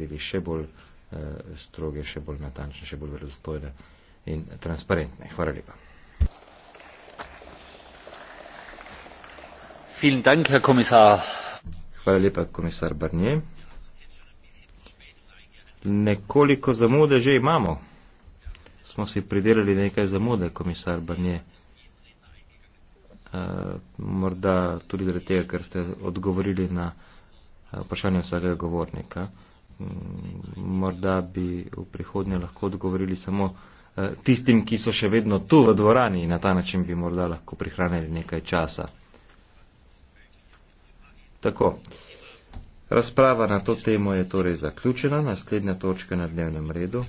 naredili še bolj uh, stroge, še bolj natančne, še bolj verodostojne in transparentne. Hvala lepa. Dank, Herr Hvala lepa, komisar Barnier. Nekoliko zamude že imamo. Smo si pridelali nekaj zamude, komisar Barnier. Uh, morda tudi zaradi tega, ker ste odgovorili na uh, vprašanje vsakega govornika morda bi v prihodnje lahko odgovorili samo eh, tistim, ki so še vedno tu v dvorani in na ta način bi morda lahko prihranili nekaj časa. Tako. Razprava na to temo je torej zaključena. Naslednja točka na dnevnem redu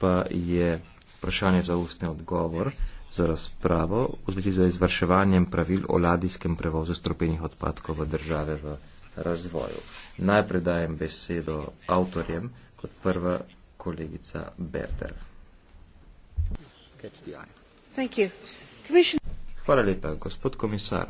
pa je vprašanje za ustni odgovor za razpravo v zvezi z izvrševanjem pravil o ladijskem prevozu stropenih odpadkov v države v razvoju. Najprej dajem besedo avtorjem kot prva kolegica Berter. Hvala lepa, gospod komisar.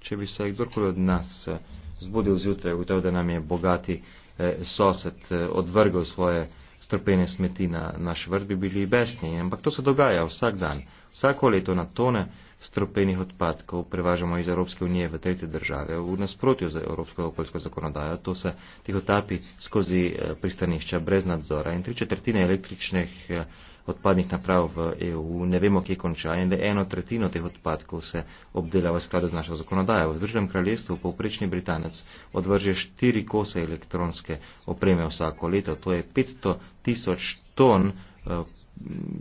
Če bi se kdorkoli od nas eh, zbudil zjutraj, ugotovil, da nam je bogati eh, sosed eh, odvrgal svoje strpene smeti na naš vrt, bi bili besni. Ampak to se dogaja vsak dan. Vsako leto na tone stropenih odpadkov prevažamo iz Evropske unije v tretje države. V nasprotju z Evropsko okoljsko zakonodajo to se tih otapi skozi eh, pristanišča brez nadzora in tri četrtine električnih eh, odpadnih naprav v EU ne vemo, kje konča in le eno tretjino teh odpadkov se obdela v skladu z našo zakonodajo. V Združenem kraljestvu povprečni Britanec odvrže štiri kose elektronske opreme vsako leto. To je 500 tisoč ton Eh,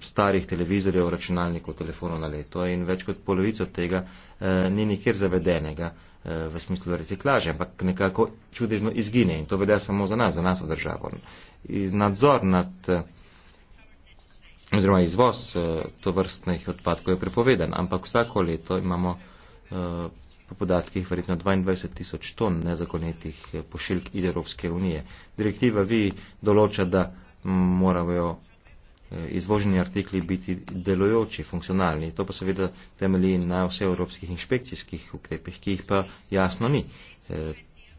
starih televizorjev, računalnikov, telefonov na leto in več kot polovico tega eh, ni nikjer zavedenega eh, v smislu reciklaže, ampak nekako čudežno izgine in to velja samo za nas, za nas državo. Iz nadzor nad oziroma izvoz to vrstnih odpadkov je prepoveden, ampak vsako leto imamo po podatkih verjetno 22 tisoč ton nezakonitih pošiljk iz Evropske unije. Direktiva vi določa, da moramo Eh, izvoženi artikli biti delojoči, funkcionalni. To pa seveda temelji na vse evropskih inšpekcijskih ukrepih, ki jih pa jasno ni. Eh,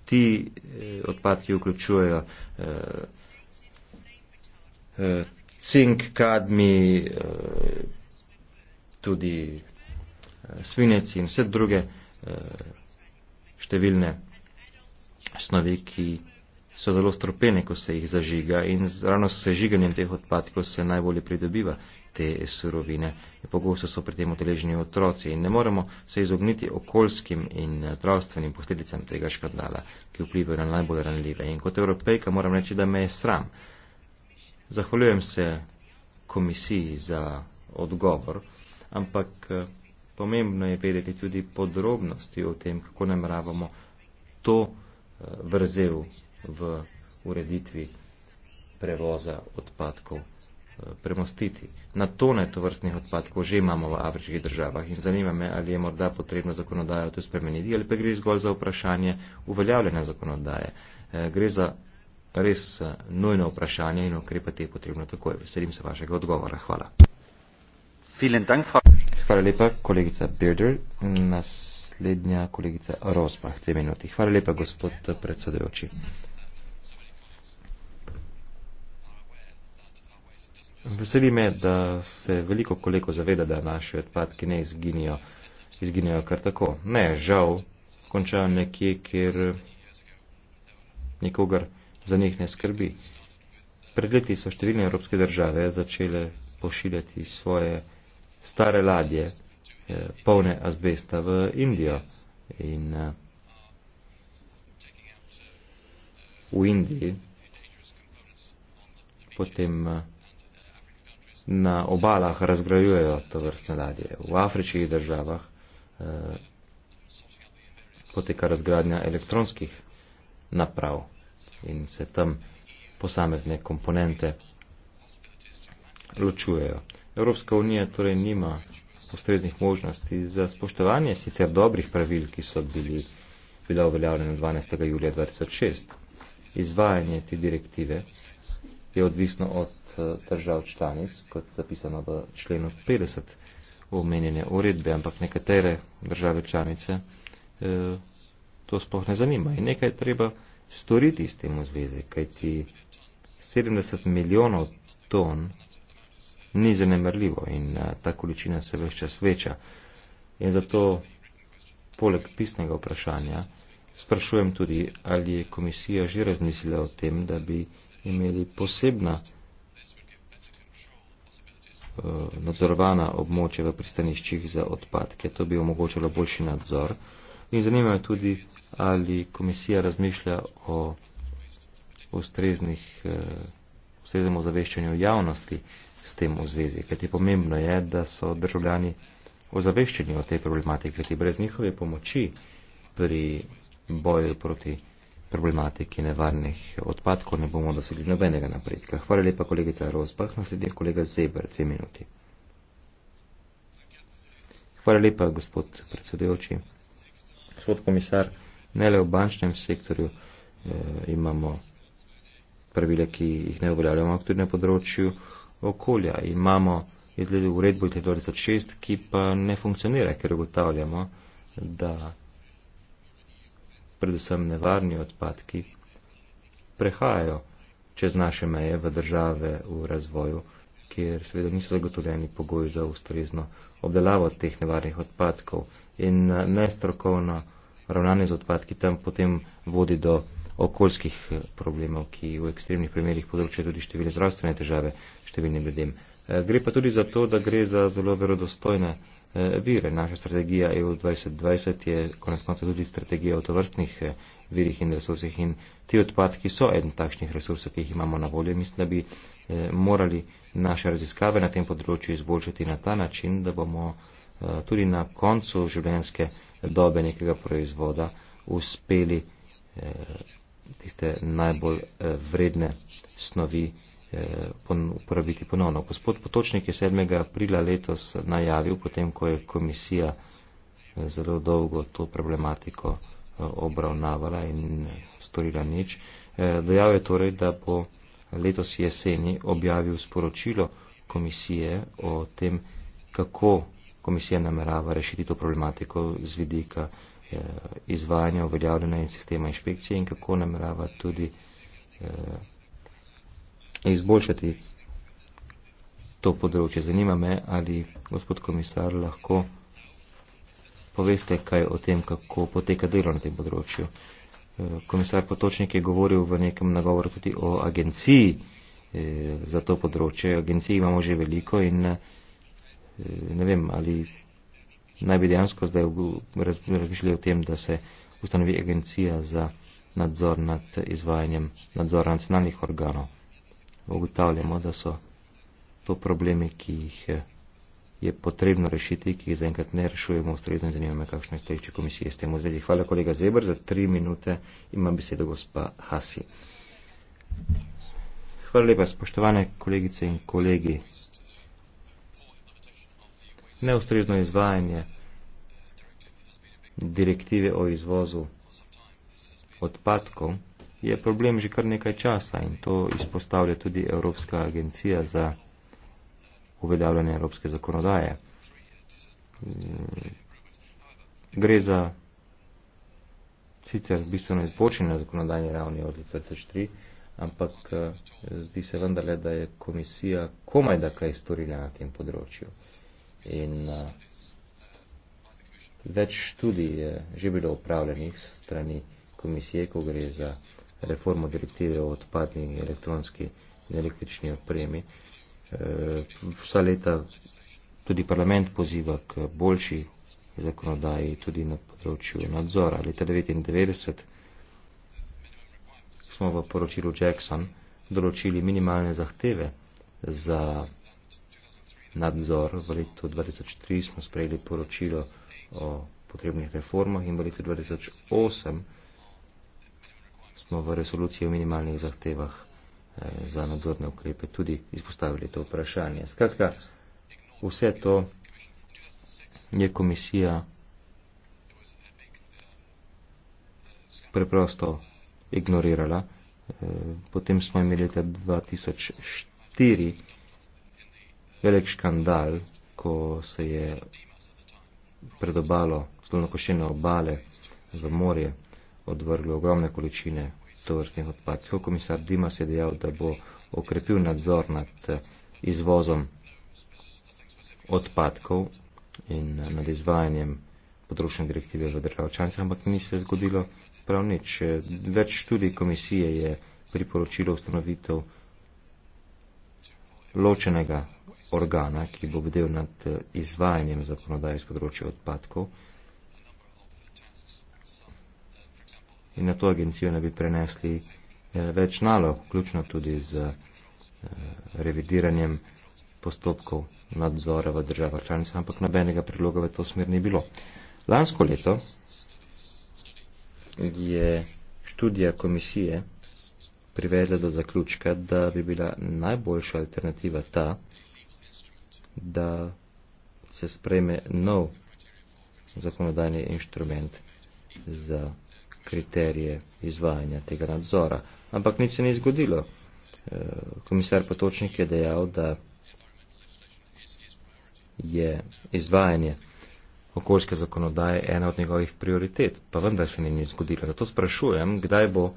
ti eh, odpadki vključujejo cink, kadmi, tudi svinec in vse druge številne snovi, ki so zelo stropene, ko se jih zažiga in ravno s sežiganjem teh odpadkov se najbolje pridobiva te surovine. Pogosto so pri tem odeleženi otroci in ne moremo se izogniti okoljskim in zdravstvenim posledicam tega škandala, ki vplivajo na najbolj ranljive. In kot evropejka moram reči, da me je sram. Zahvaljujem se komisiji za odgovor, ampak pomembno je vedeti tudi podrobnosti o tem, kako namravamo to eh, vrzel v ureditvi prevoza odpadkov eh, premostiti. Na tone tovrstnih odpadkov že imamo v afriških državah in zanima me, ali je morda potrebno zakonodajo to spremeniti ali pa gre zgolj za vprašanje uveljavljene zakonodaje. Eh, gre za res eh, nujno vprašanje in ukrepati je potrebno takoj. Veselim se vašega odgovora. Hvala. Hvala lepa, kolegica Birder. Naslednja kolegica Rosbach, dve minuti. Hvala lepa, gospod predsedujoči. Veseli me, da se veliko kolegov zaveda, da naši odpadki ne izginijo, izginijo kar tako. Ne, žal, končajo nekje, kjer nikogar za njih ne skrbi. Pred leti so številne evropske države začele pošiljati svoje stare ladje, eh, polne azbesta v Indijo. In eh, v Indiji potem. Eh, na obalah razgrajujejo to vrstne ladje. V afričkih državah eh, poteka razgradnja elektronskih naprav in se tam posamezne komponente ločujejo. Evropska unija torej nima ustreznih možnosti za spoštovanje sicer dobrih pravil, ki so bili, bila uveljavljena 12. julija 2006. Izvajanje te direktive je odvisno od eh, držav članic, kot zapisano v členu 50 omenjene uredbe, ampak nekatere države članice eh, to sploh ne zanima. In nekaj treba storiti s tem v zvezi, kajti 70 milijonov ton ni zanemrljivo in eh, ta količina se več čas veča. In zato poleg pisnega vprašanja sprašujem tudi, ali je komisija že razmislila o tem, da bi imeli posebna eh, nadzorovana območja v pristaniščih za odpadke. To bi omogočalo boljši nadzor. In zanima me tudi, ali komisija razmišlja o ustreznih, eh, ustreznem ozaveščanju javnosti s tem v zvezi, kajti pomembno je, da so državljani ozaveščeni o tej problematiki, kajti brez njihove pomoči pri boju proti problematiki nevarnih odpadkov ne bomo dosegli nobenega napredka. Hvala lepa, kolegica Rozbah. Naslednji kolega Zeber, dve minuti. Hvala lepa, gospod predsedujoči. Gospod komisar, ne le v bančnem sektorju eh, imamo pravile, ki jih ne uveljavljamo, ampak tudi na področju okolja. Imamo izgled uredbo 2006, ki pa ne funkcionira, ker ugotavljamo, da predvsem nevarni odpadki, prehajajo čez naše meje v države v razvoju, kjer seveda niso zagotovljeni pogoji za ustrezno obdelavo teh nevarnih odpadkov in eh, nestrokovno ravnanje z odpadki tam potem vodi do okoljskih eh, problemov, ki v ekstremnih primerjih področajo tudi številne zdravstvene težave številnim ljudem. Eh, gre pa tudi za to, da gre za zelo verodostojne Eh, vire. Naša strategija EU 2020 je konec konca tudi strategija o tovrstnih eh, virih in resursih in ti odpadki so eden takšnih resursov, ki jih imamo na voljo. Mislim, da bi eh, morali naše raziskave na tem področju izboljšati na ta način, da bomo tudi na koncu življenjske dobe nekega proizvoda uspeli tiste najbolj vredne snovi Eh, uporabiti ponovno. Gospod Potočnik je 7. aprila letos najavil, potem ko je komisija eh, zelo dolgo to problematiko eh, obravnavala in storila nič. Dejal je torej, da bo letos jeseni objavil sporočilo komisije o tem, kako komisija namerava rešiti to problematiko z vidika izvajanja uveljavljena in sistema inšpekcije in kako namerava tudi izboljšati. To področje zanima me, ali gospod komisar lahko poveste kaj o tem, kako poteka delo na tem področju. Eh, komisar Potočnik je govoril v nekem nagovoru tudi o agenciji eh, za to področje. Agenciji imamo že veliko in eh, ne vem, ali naj bi dejansko zdaj razmišljali o tem, da se ustanovi agencija za nadzor nad izvajanjem nadzora nacionalnih organov ugotavljamo, da so to problemi, ki jih eh, je potrebno rešiti, ki jih zaenkrat ne rešujemo, ustrezno zanimame, kakšno je stojiče komisije s tem v zvedi. Hvala kolega Zebr, za tri minute ima besedo gospa Hasi. Hvala lepa, spoštovane kolegice in kolegi. Neustrezno izvajanje direktive o izvozu odpadkov je problem že kar nekaj časa in to izpostavlja tudi Evropska agencija za uveljavljanje evropske zakonodaje. Mm, gre za sicer bistveno izboljšanje na zakonodajni ravni od 2003, ampak eh, zdi se vendarle, da je komisija komaj da kaj storila na tem področju. In eh, več študij je že bilo upravljenih strani komisije, ko gre za reformo direktive o odpadni elektronski in električni opremi. Eh, vsa leta tudi parlament poziva k boljši zakonodaji tudi na področju nadzora. Leta 1999 smo v poročilu Jackson določili minimalne zahteve za nadzor. V letu 2003 smo sprejeli poročilo o potrebnih reformah in v letu 2008 smo v resoluciji o minimalnih zahtevah eh, za nadzorne ukrepe tudi izpostavili to vprašanje. Skratka, vse to je komisija preprosto ignorirala. Eh, potem smo imeli leta 2004 velik škandal, ko se je predobalo zelo nakošene obale v morje odvrgli ogromne količine tovrstnih odpadcev. Komisar Dimas je dejal, da bo okrepil nadzor nad eh, izvozom odpadkov in eh, nad izvajanjem področne direktive za državo članice, ampak ni se zgodilo prav nič. Več študij komisije je priporočilo ustanovitev ločenega organa, ki bo bdel nad eh, izvajanjem zakonodaje z področja odpadkov. in na to agencijo ne bi prenesli eh, več nalog, vključno tudi z eh, revidiranjem postopkov nadzora v državah članicah, ampak nobenega predloga v to smer ni bilo. Lansko leto je študija komisije privedla do zaključka, da bi bila najboljša alternativa ta, da se sprejme nov zakonodajni inštrument za kriterije izvajanja tega nadzora. Ampak nič se ni zgodilo. Eh, komisar Potočnik je dejal, da je izvajanje okoljske zakonodaje ena od njegovih prioritet, pa vendar se ni nič zgodilo. Zato sprašujem, kdaj bo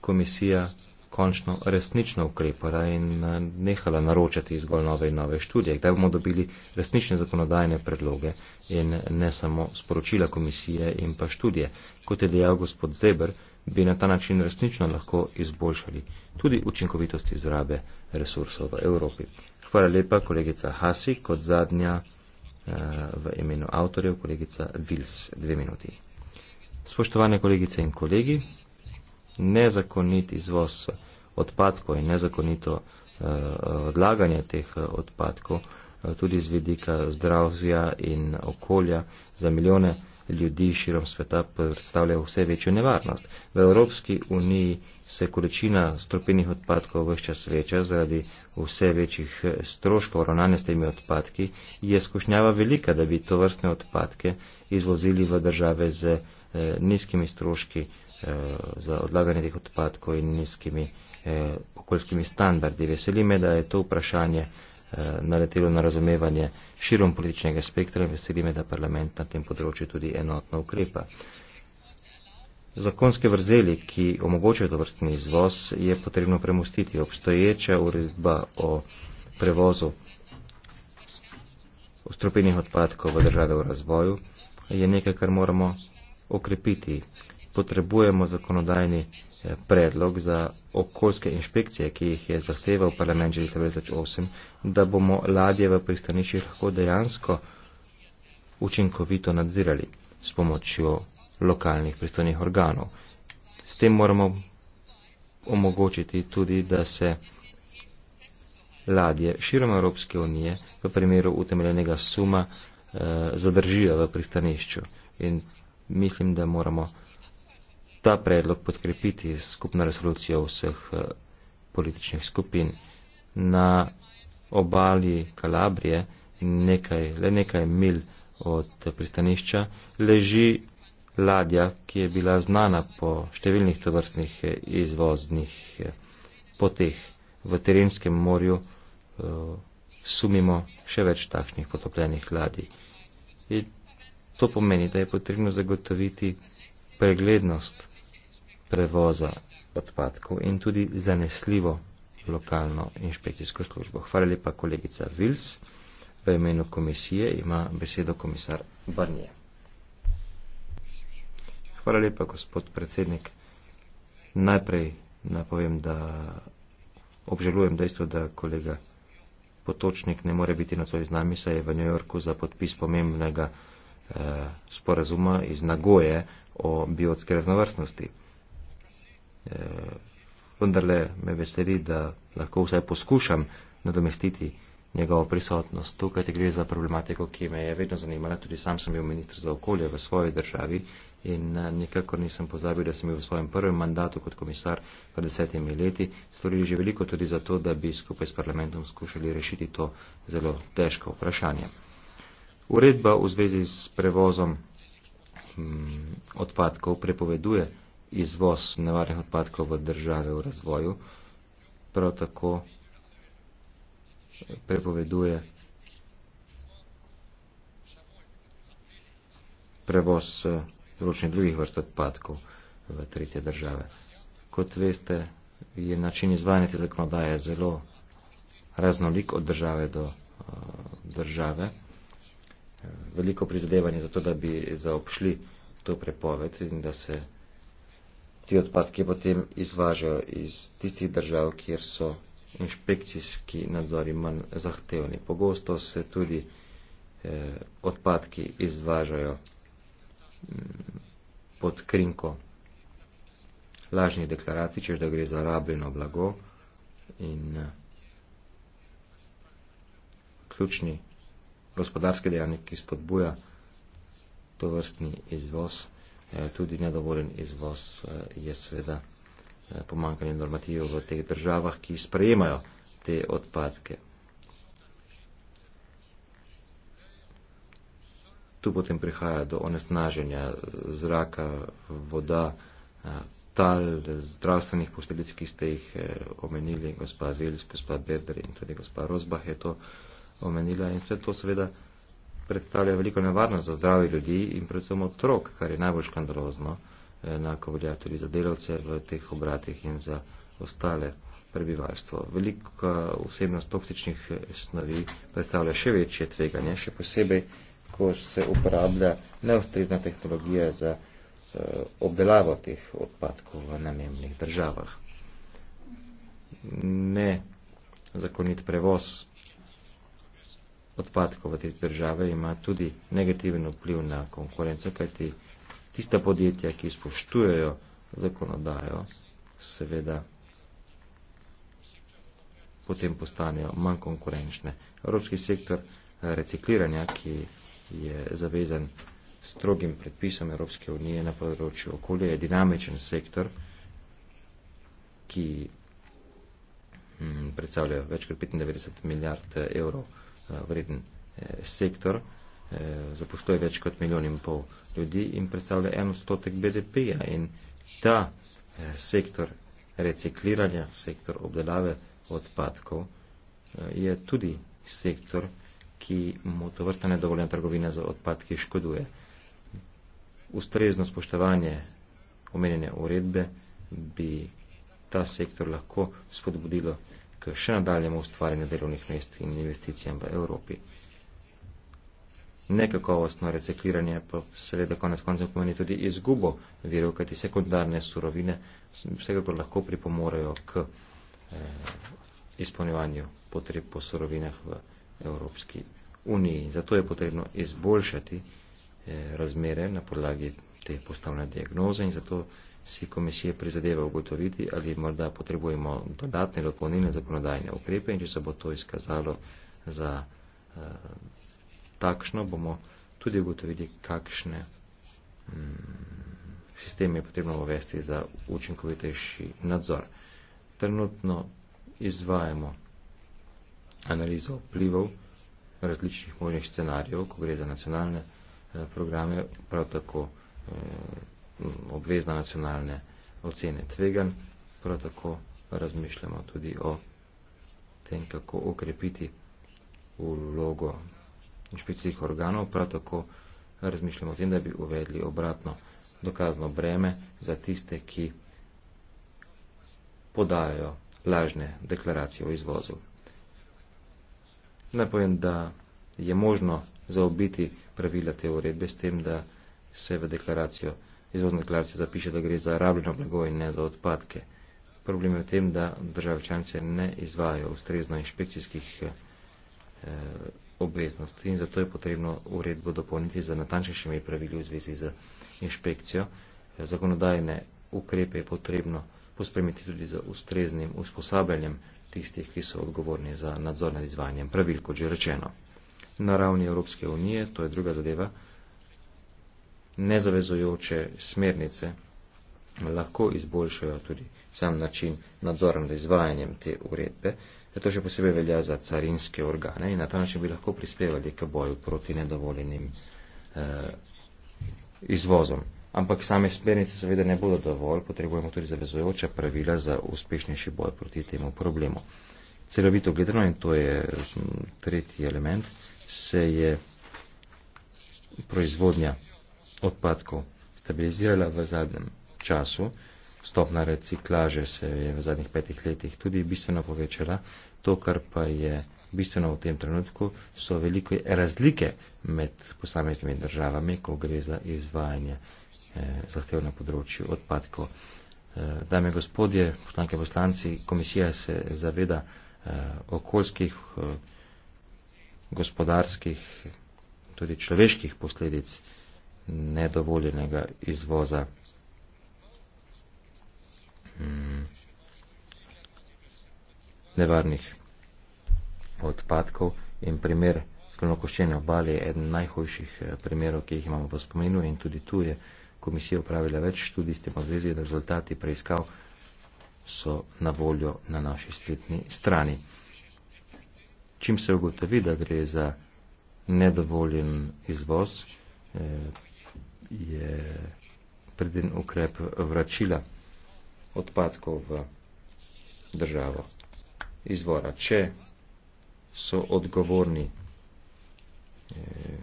komisija končno resnično ukrepala in eh, nehala naročati zgolj nove in nove študije, kdaj bomo dobili resnične zakonodajne predloge in ne samo sporočila komisije in pa študije. Kot je dejal gospod Zeber, bi na ta način resnično lahko izboljšali tudi učinkovitost izrabe resursov v Evropi. Hvala lepa, kolegica Hasi, kot zadnja eh, v imenu avtorjev, kolegica Vils, dve minuti. Spoštovane kolegice in kolegi, nezakonit izvoz odpadkov in nezakonito uh, odlaganje teh eh, odpadkov, uh, tudi z vidika zdravja in okolja za milijone ljudi širom sveta predstavlja vse večjo nevarnost. V Evropski uniji se količina stropinih odpadkov vse čas veča zaradi vse večjih stroškov ravnanja s temi odpadki. Je skušnjava velika, da bi to vrstne odpadke izvozili v države z Eh, nizkimi stroški eh, za odlaganje teh odpadkov in nizkimi eh, okoljskimi standardi. Veseli me, da je to vprašanje naletelo na razumevanje širom političnega spektra in veseli me, da parlament na tem področju tudi enotno ukrepa. Zakonske vrzeli, ki omogočajo dovrstni izvoz, je potrebno premustiti. Obstoječa uredba o prevozu ostropenih odpadkov v države v razvoju je nekaj, kar moramo okrepiti. Potrebujemo zakonodajni eh, predlog za okoljske inšpekcije, ki jih je zahteval parlament že leta 2008, da bomo ladje v pristaniščih lahko dejansko učinkovito nadzirali s pomočjo lokalnih pristojnih organov. S tem moramo omogočiti tudi, da se ladje širom Evropske unije v primeru utemeljenega suma eh, zadržijo v pristanišču. In mislim, da moramo ta predlog podkrepiti z skupno resolucijo vseh eh, političnih skupin. Na obali Kalabrije, nekaj, le nekaj mil od pristanišča, leži ladja, ki je bila znana po številnih tovrstnih eh, izvoznih eh, poteh v Terenskem morju, sumimo še več takšnih potopljenih ladij. In To pomeni, da je potrebno zagotoviti preglednost prevoza odpadkov in tudi zanesljivo lokalno inšpekcijsko službo. Hvala lepa, kolegica Vils. V imenu komisije ima besedo komisar Barnije. Hvala lepa, gospod predsednik. Najprej napovem, da obžalujem dejstvo, da kolega Potočnik ne more biti na svoj z nami, saj je v New Yorku za podpis pomembnega Eh, sporazuma iz Nagoje o biotske raznovrstnosti. Eh, vendarle me veseli, da lahko vsaj poskušam nadomestiti njegovo prisotnost. Tukaj gre za problematiko, ki me je vedno zanimala, tudi sam sem bil ministr za okolje v svoji državi in eh, nikakor nisem pozabil, da sem bil v svojem prvem mandatu kot komisar v desetimi leti. Storili že veliko tudi za to, da bi skupaj s parlamentom skušali rešiti to zelo težko vprašanje. Uredba v zvezi s prevozom hm, odpadkov prepoveduje izvoz nevarnih odpadkov v države v razvoju, prav tako eh, prepoveduje prevoz ročnih eh, drugih vrst odpadkov v tretje države. Kot veste, je način izvajanja te zakonodaje zelo raznolik od države do eh, države države veliko prizadevanje za to, da bi zaobšli to prepoved in da se ti odpadki potem izvažajo iz tistih držav, kjer so inšpekcijski nadzori manj zahtevni. Pogosto se tudi eh, odpadki izvažajo mm, pod krinko lažnih deklaracij, če že da gre za rabljeno blago in eh, ključni gospodarske dejanje, ki spodbuja to vrstni izvoz, eh, tudi nedovoljen izvoz eh, je seveda eh, pomankanje normativov v teh državah, ki sprejemajo te odpadke. Tu potem prihaja do onesnaženja zraka, voda, tal, zdravstvenih posledic, ki ste jih omenili, gospa Vils, gospa Beder in tudi gospa Rozbah je to omenila in vse to seveda predstavlja veliko nevarnost za zdravje ljudi in predvsem otrok, kar je najbolj škandalozno, eh, enako velja tudi za delavce v teh obratih in za ostale prebivalstvo. Velika vsebnost toksičnih eh, snovi predstavlja še večje tveganje, še posebej, ko se uporablja neustrezna tehnologija za eh, obdelavo teh odpadkov v namembnih državah. Ne zakonit prevoz odpadkov v te države ima tudi negativen vpliv na konkurenco, kajti tista podjetja, ki spoštujejo zakonodajo, seveda potem postanejo manj konkurenčne. Evropski sektor recikliranja, ki je zavezan strogim predpisom Evropske unije na področju okolja, je dinamičen sektor, ki mm, predstavlja več kot 95 milijard evrov Eh, vreden eh, sektor, eh, zaposluje več kot milijon in pol ljudi in predstavlja en odstotek BDP-ja. In ta sektor recikliranja, sektor obdelave odpadkov je tudi sektor, ki mu to vrsta nedovoljena trgovina za odpadke škoduje. Ustrezno spoštovanje omenjene uredbe bi ta sektor lahko spodbudilo k še nadaljemu ustvarjanju delovnih mest in investicijam v Evropi. Nekakovostno recikliranje pa seveda konec koncev pomeni tudi izgubo virov, kajti sekundarne surovine vsekakor lahko pripomorejo k eh, izpolnjevanju potreb po surovinah v Evropski uniji. Zato je potrebno izboljšati eh, razmere na podlagi te postavljene diagnoze in zato si komisija prizadeva ugotoviti, ali morda potrebujemo dodatne dopolnilne zakonodajne ukrepe in če se bo to izkazalo za eh, takšno, bomo tudi ugotovili, kakšne mm, sisteme je potrebno uvesti za učinkovitejši nadzor. Trenutno izvajamo analizo vplivov različnih možnih scenarijev, ko gre za nacionalne eh, programe, prav tako eh, Mm, obvezna nacionalne ocene tvegan, prav tako razmišljamo tudi o tem, kako okrepiti vlogo inšpekcijskih organov, prav tako razmišljamo o tem, da bi uvedli obratno dokazno breme za tiste, ki podajajo lažne deklaracije o izvozu. Naj povem, da je možno zaobiti pravila te uredbe s tem, da se v deklaracijo izvozna deklaracija zapiše, da gre za rabljeno blago in ne za odpadke. Problem je v tem, da države članice ne izvajajo ustrezno inšpekcijskih eh, obveznosti in zato je potrebno uredbo dopolniti za natančnejšimi pravili v zvezi z inšpekcijo. Zakonodajne ukrepe je potrebno pospremiti tudi z ustreznim usposabljanjem tistih, ki so odgovorni za nadzor nad izvajanjem pravil, kot že rečeno. Na ravni Evropske unije, to je druga zadeva, nezavezujoče smernice lahko izboljšajo tudi sam način nadzora nad izvajanjem te uredbe. Zato še posebej velja za carinske organe in na ta način bi lahko prispevali k boju proti nedovoljenim eh, izvozom. Ampak same smernice seveda ne bodo dovolj, potrebujemo tudi zavezujoča pravila za uspešnejši boj proti temu problemu. Celovito gledano, in to je mm, tretji element, se je proizvodnja odpadkov stabilizirala v zadnjem času, stopna reciklaže se je v zadnjih petih letih tudi bistveno povečala, to, kar pa je bistveno v tem trenutku, so velike razlike med posameznimi državami, ko gre za izvajanje eh, zahtev na področju odpadkov. Eh, dame gospodje, poslanke poslanci, komisija se zaveda eh, okoljskih, eh, gospodarskih, tudi človeških posledic nedovoljenega izvoza. Mm nevarnih odpadkov in primer klonokoščene obale je eden najhojših eh, primerov, ki jih imamo v spomenu in tudi tu je komisija upravila več študij s tem obvezi, da rezultati preiskav so na voljo na naši spletni strani. Čim se ugotovi, da gre za nedovoljen izvoz, eh, je preden ukrep vračila odpadkov v državo izvora. Če so odgovorni eh,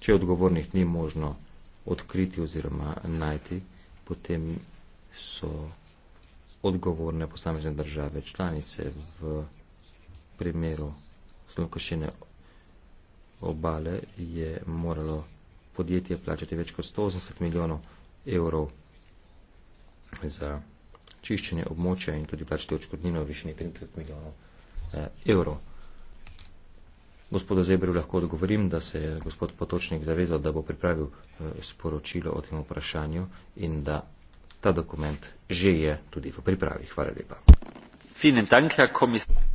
Če odgovornih ni možno odkriti oziroma najti, potem so odgovorne posamezne države članice v primeru slonkošine obale je moralo podjetje plačati več kot 180 milijonov evrov za čiščenje območja in tudi plačati očkodnino v višini 30 milijonov eh, evrov. Gospoda Zebru lahko odgovorim, da se je gospod Potočnik zavezal, da bo pripravil eh, sporočilo o tem vprašanju in da ta dokument že je tudi v pripravi. Hvala lepa.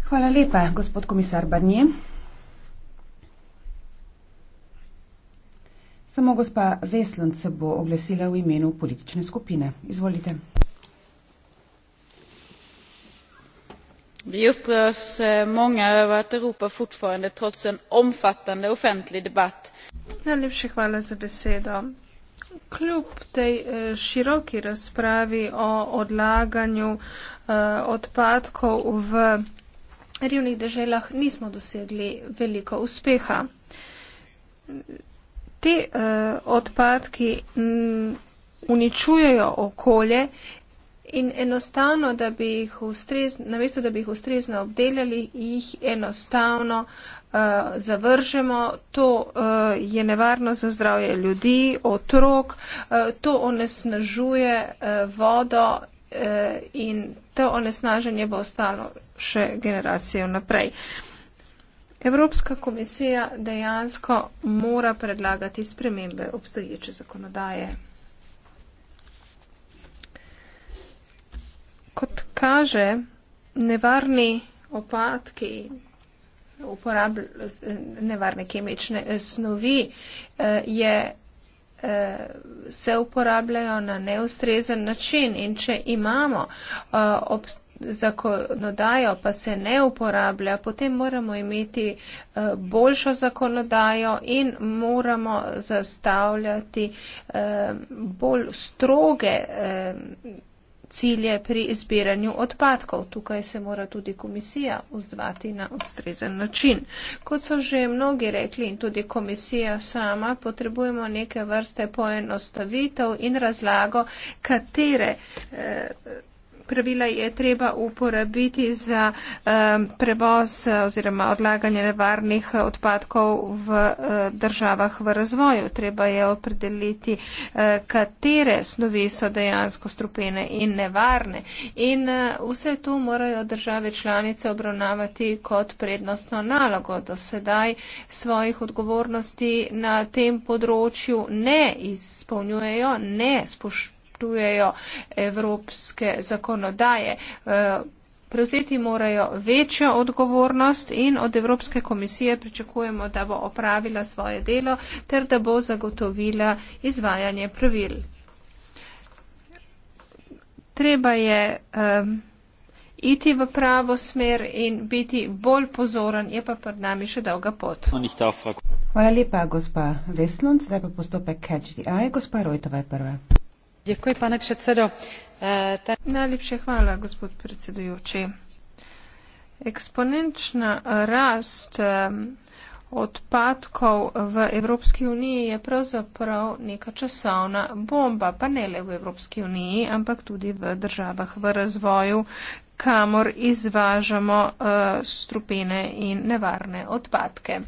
Hvala lepa, gospod komisar Barnier. Samo gospa Veslund se bo oglasila v imenu politične skupine. Izvolite. Vi upprörs eh, många över att Europa fortfarande trots en omfattande offentlig debatt. Najlepša hvala za besedo. Kljub tej eh, široki razpravi o odlaganju eh, odpadkov v revnih deželah nismo dosegli veliko uspeha ti uh, eh, odpadki m, mm, uničujejo okolje in enostavno, da bi jih ustrezno, namesto da bi jih ustrezno obdelali, jih enostavno uh, zavržemo. To uh, je nevarno za zdravje ljudi, otrok, uh, to onesnažuje uh, vodo uh, in to onesnaženje bo ostalo še generacijo naprej. Uh, Evropska komisija dejansko mora predlagati spremembe obstoječe zakonodaje. Kot kaže, nevarni opadki, nevarne kemične eh, snovi eh, je, eh, se uporabljajo na neustrezen način in če imamo obstoječe zakonodajo pa se ne uporablja, potem moramo imeti eh, boljšo zakonodajo in moramo zastavljati eh, bolj stroge eh, cilje pri izbiranju odpadkov. Tukaj se mora tudi komisija vzdvati na ustrezen način. Kot so že mnogi rekli in tudi komisija sama, potrebujemo neke vrste poenostavitev in razlago, katere eh, pravila je treba uporabiti za um, prevoz eh, oziroma odlaganje nevarnih eh, odpadkov v uh, državah v razvoju. Treba je opredeliti, uh, katere snovi so dejansko strupene in nevarne. In uh, vse to morajo države članice obravnavati kot prednostno nalogo. Do sedaj svojih odgovornosti na tem področju ne izpolnjujejo, ne spoštujejo spoštujejo evropske zakonodaje. Eh, prevzeti morajo večjo odgovornost in od Evropske komisije pričakujemo, da bo opravila svoje delo ter da bo zagotovila izvajanje pravil. Treba je um, iti v pravo smer in biti bolj pozoren, je pa pred nami še dolga pot. No, Hvala lepa, gospa Veslund. Zdaj pa postopek Catch the Eye. Gospa Rojtova je prva. Eh, najlepša hvala gospod predsedujoči. eksponenčna rast eh, odpadkov v evropski uniji je pravzaprav neka časovna bomba pa ne le v evropski uniji ampak tudi v državah v razvoju kamor izvažamo eh, strupene in nevarne odpadke.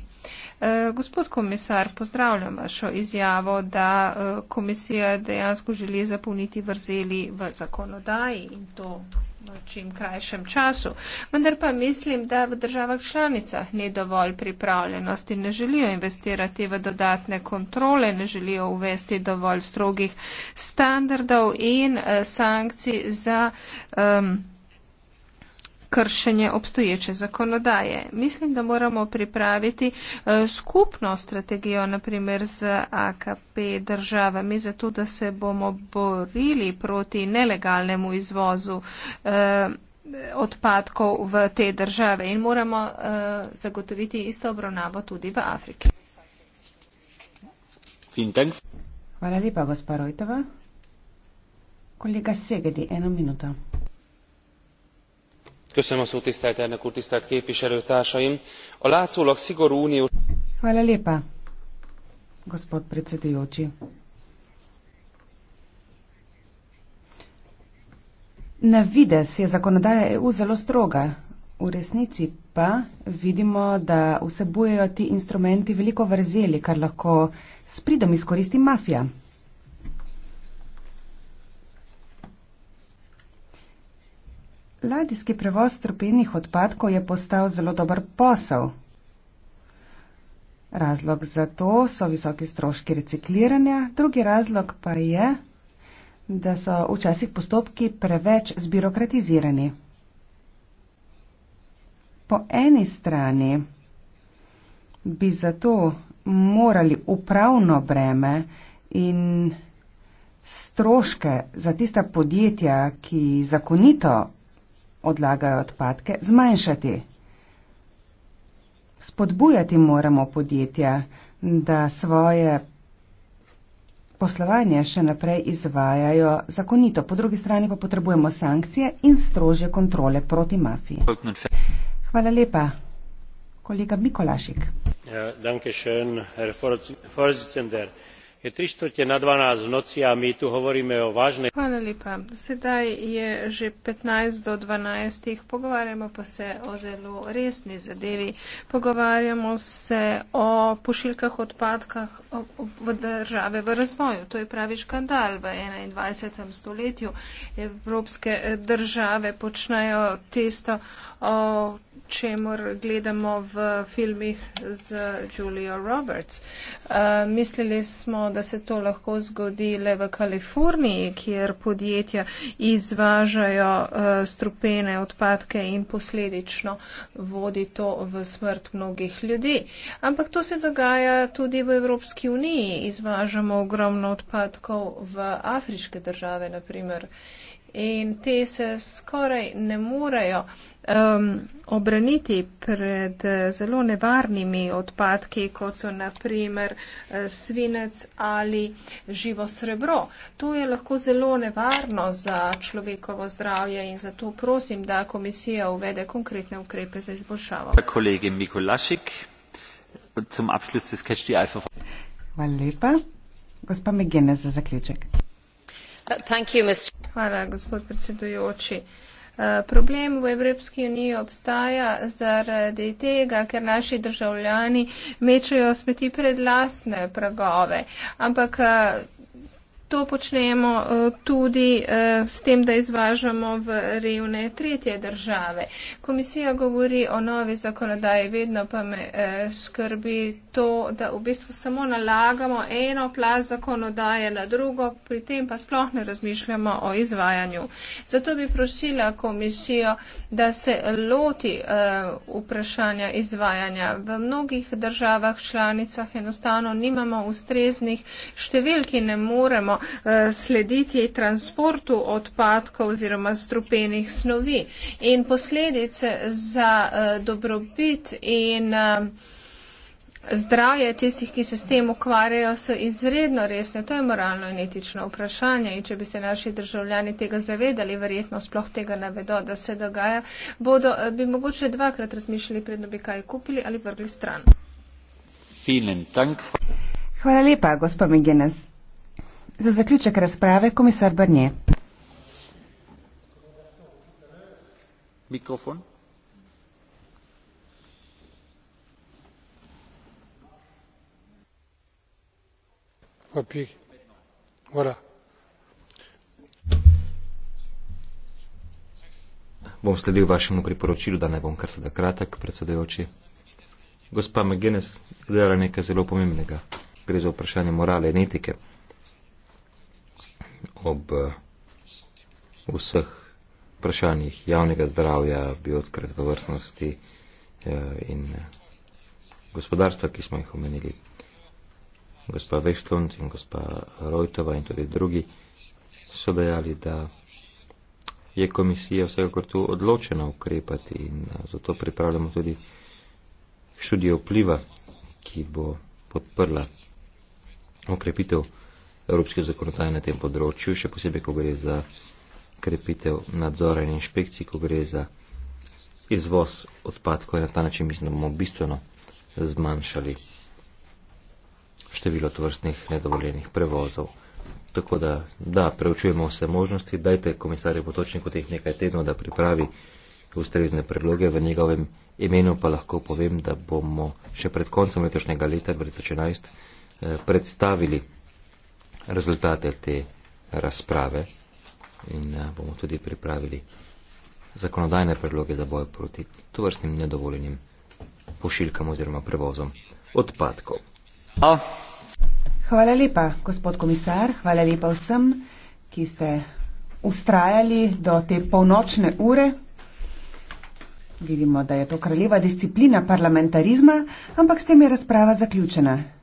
Eh, gospod komisar, pozdravljam vašo izjavo, da eh, komisija dejansko želi zapolniti vrzeli v zakonodaji in to v čim krajšem času. Vendar pa mislim, da v državah članicah ni dovolj pripravljenosti, ne želijo investirati v dodatne kontrole, ne želijo uvesti dovolj strogih standardov in eh, sankcij za. Um, kršenje obstoječe zakonodaje. Mislim, da moramo pripraviti eh, skupno strategijo, naprimer z AKP državami, zato da se bomo borili proti nelegalnemu izvozu eh, odpadkov v te države in moramo eh, zagotoviti isto obravnavo tudi v Afriki. Hvala lepa, gospa Rojtova. Kolega Segedi, eno minuto tisztelt elnök úr tisztelt képviselőtársaim! a látszólag szigorú uniós. E v resnici pa vidimo, da vsebujejo ti instrumenti veliko vrzeli, kar lahko s pridom izkoristi mafija. Ladijski prevoz strupenih odpadkov je postal zelo dober posel. Razlog za to so visoki stroški recikliranja, drugi razlog pa je, da so včasih postopki preveč zbirokratizirani. Po eni strani bi zato morali upravno breme in stroške za tista podjetja, ki zakonito odlagajo odpadke, zmanjšati. Spodbujati moramo podjetja, da svoje poslovanje še naprej izvajajo zakonito. Po drugi strani pa potrebujemo sankcije in strožje kontrole proti mafiji. Hvala lepa, kolega Mikolašik. Ja, je tri štvrte na dvanásť v noci a my tu hovoríme o vážnej. Hvala lepa. Sedaj je že 15 do 12. Pogovarjamo pa se o zelo resni zadevi. Pogovarjamo se o pošiljkah odpadkah v države v razvoju. To je pravi škandal v 21. stoletju. Evropske eh, države počnejo tisto, čemor gledamo v filmih z Julio Roberts. Uh, mislili smo, da se to lahko zgodi le v Kaliforniji, kjer podjetja izvažajo uh, strupene odpadke in posledično vodi to v smrt mnogih ljudi. Ampak to se dogaja tudi v Evropski uniji. Izvažamo ogromno odpadkov v afriške države, naprimer. In te se skoraj ne morejo um, obraniti pred eh, zelo nevarnimi odpadki, kot so naprimer eh, svinec ali živo srebro. To je lahko zelo nevarno za človekovo zdravje in zato prosim, da komisija uvede konkretne ukrepe za izboljšavo. Hvala lepa. Gospa Megene za zaključek. Uh, Hvala, gospod predsedujoči. Eh, problem v Evropski uniji obstaja zaradi tega, ker naši državljani mečejo smeti pred lastne pragove. Ampak eh, To počnemo eh, tudi eh, s tem, da izvažamo v revne tretje države. Komisija govori o novi zakonodaji, vedno pa me eh, skrbi to, da v bistvu samo nalagamo eno plaz zakonodaje na drugo, pri tem pa sploh ne razmišljamo o izvajanju. Zato bi prosila komisijo, da se loti vprašanja izvajanja. V mnogih državah članicah enostavno nimamo ustreznih številk in ne moremo Eh, slediti transportu odpadkov oziroma strupenih snovi. In posledice za eh, dobrobit in eh, zdravje tistih, ki se s tem ukvarjajo, so izredno resne. To je moralno in etično vprašanje in če bi se naši državljani tega zavedali, verjetno sploh tega ne vedo, da se dogaja, bodo, bi mogoče dvakrat razmišljali, predno bi kaj kupili ali vrgli stran. Hvala lepa, gospod Megenes. Za zaključek razprave komisar Barnje. Mikrofon. Oh, voilà. Bom sledil vašemu priporočilu, da ne bom kar sedaj kratek, predsedujoči. Gospa McGuinness je dejala nekaj zelo pomembnega. Gre za vprašanje morale in etike ob eh, vseh vprašanjih javnega zdravja, biotske raznovrstnosti eh, in eh, gospodarstva, ki smo jih omenili. Gospa Vešlund in gospa Rojtova in tudi drugi so dejali, da je komisija vsekakor tu odločena ukrepati in zato pripravljamo tudi študijo vpliva, ki bo podprla ukrepitev evropske zakonodaje na tem področju, še posebej, ko gre za krepitev nadzora in inšpekcij, ko gre za izvoz odpadkov in na ta način mislim, da bomo bistveno zmanjšali število tovrstnih nedovoljenih prevozov. Tako da, da, preučujemo vse možnosti, dajte komisarju Potočniku teh nekaj tednov, da pripravi ustrezne predloge, v njegovem imenu pa lahko povem, da bomo še pred koncem letošnjega leta 2011 eh, predstavili rezultate te razprave in eh, bomo tudi pripravili zakonodajne predloge za boj proti tovrstnim nedovoljenim pošiljkam oziroma prevozom odpadkov. A. Hvala lepa, gospod komisar, hvala lepa vsem, ki ste ustrajali do te polnočne ure. Vidimo, da je to kraljeva disciplina parlamentarizma, ampak s tem je razprava zaključena.